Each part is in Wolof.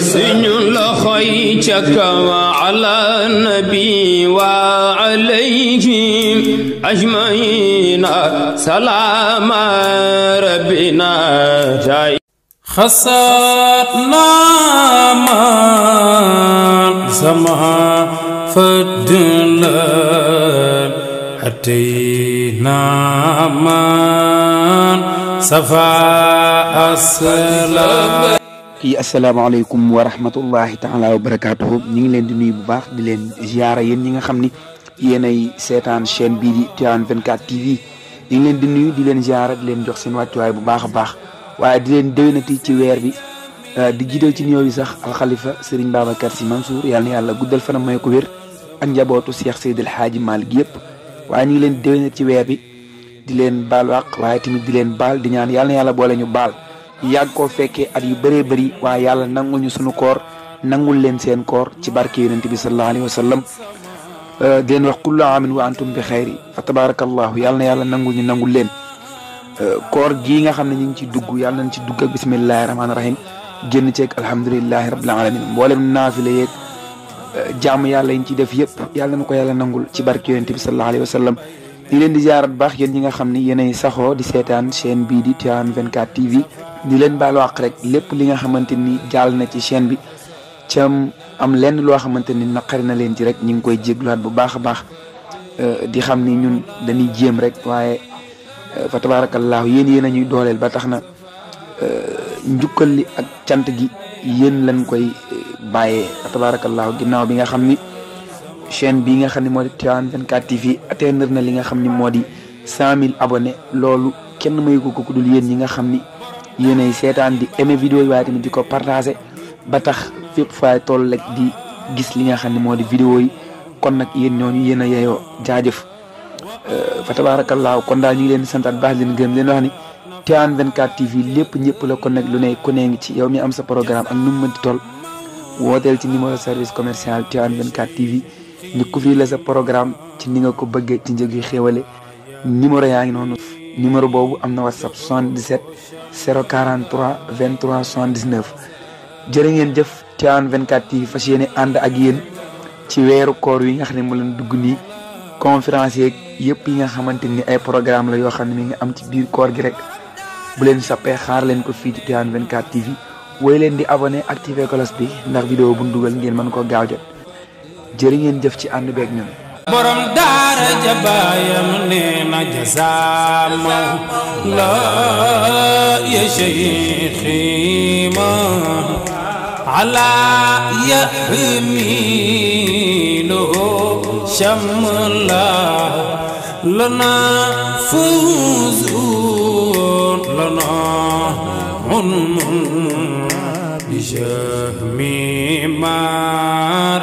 خيتك وعلى النبي وعليهم أجمعين سلام ربنا جاي خسرنا من سمع فدل أتينا من سفا السلام yi asalaamaaleykum wa rahmatullahi taala wa barakaatuhu ñu ngi leen di nuyu bu baax di leen ziara yéen ñi nga xam ni yéenay seetaan chaîne bii di Tivaouane 24 TV ñu ngi leen di nuyu di leen ziara di leen jox seen wàccuwaay bu baax a baax waaye di leen déwénati ci weer bi euh, di jiital ci nuyoo bi sax alxalifa Serigne Babacar Sy Mansour yàlla na yàlla guddal fanam may ko njabootu Cheikh Seydil Hadji Malick yëpp waaye leen ci weer bi di leen baal wàq waaye tamit di leen baal di ñaan yàlla na yàlla boole ñu baal. yàgg koo fekkee at yu bëree bëri waaye yàlla nangul ñu sunu koor nangul leen seen koor ci barke yonent bi sallallahu alayhi wa sallam euh, di leen wax kullu aamin wa antum bi xayri fa tabarakallahu yàlla na yàlla nangul ñu nangul leen euh, koor gii nga xam ne ñu ngi ci dugg yàlla nañ ci dugg ak bismillahi rahmaani rahim génn ceeg alhamdulilahi rabbil alamin mboolem naafile yeeg euh, jaamu yàlla yi ñu ci def yëpp yàlla na ko yàlla nangul ci barke yonent bi sallallahu alayhi wa sallam di leen di jaarat baax yéen ñi nga xam ni yéenay saxo di seetaan chaîne bii di Tivaouane 24 TV di leen baal wax rek lépp li nga xamante ni jàll na ci chaîne bi cam am lenn loo xamante ni naqari na leen ci rek ñu ngi koy jégluwaat bu baax a baax euh, di xam ni ñun dañuy jéem rek waaye euh, fa tabaarakallaahu yéen yéen a ñuy dooleel ba tax na euh, njukkal li ak cant gi yéen lañ koy bàyyee fa tabaarakallaahu ginnaaw bi nga xam ni chaîne bi nga xam ne moo di Tivaouane 24 TV atteindre na li nga xam ni moo di cent mille abonnés loolu kenn mayu ko ku dul yéen ñi nga xam ni ay seetaan di aimer vidéo yi waaye tamit di ko partager ba tax fépp faay toll lekk di gis li nga xam ne moo di vidéo yi kon nag yéen ñooñu yéen a yeyoo jaajëf euh, fa tabaarakallaahu kon daal ñu ngi leen di santaat baax leen gërëm leen wax ni Tivaouane 24 TV lépp ñëpp la kon nag lu ne ku nee ngi ci yow mi am sa programme ak nu mu mënti toll wooteel ci numéro service commercial Tivaouane 24 TV ñu ku fii sa programme ci ni nga ko bëggee ci njëg yu xéwale numéro yaa ngi noonu numéro boobu am na whatsapp 77 043 23 79 jërë ngeen jëf vingt 24 yi fas yéene ànd ak yéen ci weeru koor yi nga xam ne mu leen dugg nii conférence yeeg yëpp yi nga xamante ni ay programme la yoo xam ne mi nga am ci biir koor gi rek bu leen sappee xaar leen ko fii ci Tivaouane 24 TV wooy leen di abonné activé colos bi ndax vidéo bu ñu ngeen mën ko gaaw jot جرين دفتي عن بعدين. برم دار جبايم نما جزام لا يا شيخي ما على يحمينه شم الله لنا فوزون لنا عنم بجهمي مار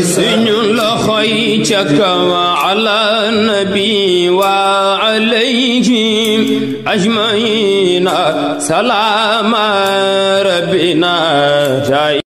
suñu loxo yi ca kaw ala nabi wa alayhim ajmaina salaama rabbina